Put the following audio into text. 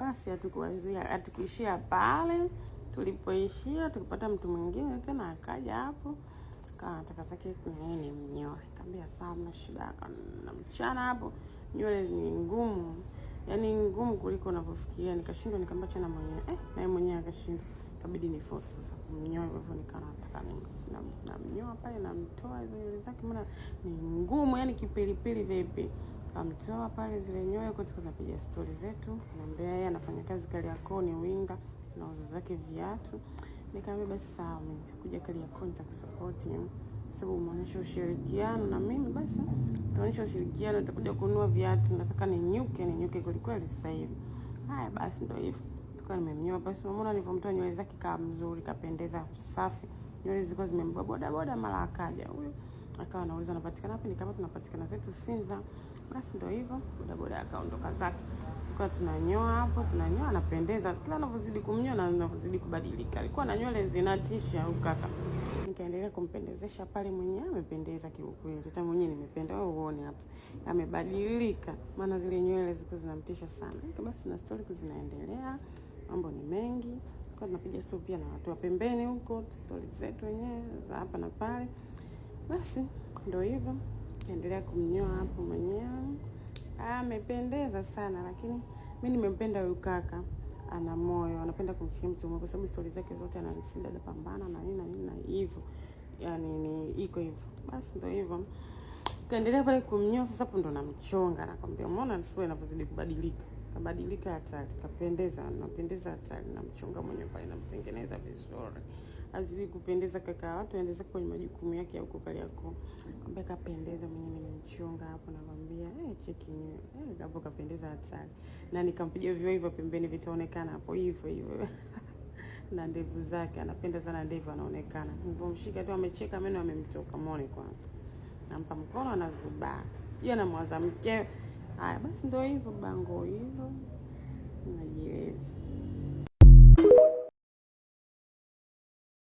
Basi hatukuanzia hatukuishia pale tulipoishia, tukipata mtu mwingine tena akaja hapo anataka zake ni mnyoe, kaambia sawa, mna shida na mchana hapo, nywele ni ngumu, yani ngumu kuliko unavyofikiria. Nikashindwa, nikamba chana mwenyewe eh, naye mwenyewe akashindwa, kabidi ni force sasa kumnyoa. Hivyo nikawa namnyoa pale, namtoa hizo nywele zake, maana ni ngumu, yani kipilipili vipi amtoa pale zile nyoyo kwetu, tunapiga stori zetu, anambia yeye anafanya kazi Kariakoo, ni winga na uza zake viatu. Nikamwambia basi sawa, mimi nitakuja Kariakoo nitakusupport, eh. kwa sababu umeonyesha ushirikiano na mimi, basi tuonyesha ushirikiano, nitakuja kununua viatu, nataka ninyuke, ninyuke kweli kweli sasa hivi. Haya basi, ndio hivyo tukawa nimemnyoa. Basi umeona nilivyomtoa nywele zake kama mzuri, kapendeza, safi, nywele zilikuwa zimembwa. Boda boda mara akaja huyo akawa anauliza unapatikana wapi, nikapa tunapatikana zetu Sinza. Basi ndio hivyo, bodaboda akaondoka zake, tukawa tunanyoa hapo, tunanyoa. Anapendeza kila anavyozidi kumnyoa na anavyozidi kubadilika, alikuwa na nywele zinatisha huyu kaka. Nikaendelea kumpendezesha pale, mwenyewe amependeza kiukweli, hata mwenyewe nimependa. Wewe uone hapo amebadilika, maana zile nywele zilikuwa zinamtisha sana. Basi na stori zinaendelea, mambo ni mengi tunapiga stori pia na watu wa pembeni huko, stori zetu wenyewe za hapa na pale. Basi ndio hivyo, endelea kumnyoa hapo mwenyewe. Ah, amependeza sana, lakini mi nimempenda huyu kaka, ana moyo, anapenda kumsikia mtu mmoja, kwa sababu stori zake zote ananisinda anapambana na nini na nini na hivyo, yani ni iko hivyo. Basi ndio hivyo, kaendelea pale kumnyoa. Sasa hapo ndo namchonga, nakwambia, umeona sura inavyozidi kubadilika kabadilika hatari, kapendeza, napendeza hatari, namchonga mwenyewe pale, namtengeneza vizuri azidi kupendeza kaka watu, aendeze kwenye majukumu yake ya huko Kariakoo. Kumbe kapendeza mwenyewe, nimemchonga hapo, nakwambia eh, cheki nyewe eh, hapo kapendeza hatari, na nikampiga vio hivyo pembeni, vitaonekana hapo hivyo hivyo na ndevu zake, anapenda sana ndevu, anaonekana nilipomshika tu amecheka, meno amemtoka. Muone kwanza, nampa mkono, anazubaa, sijui anamwaza mke. Haya basi, ndio hivyo bango hilo, najieleza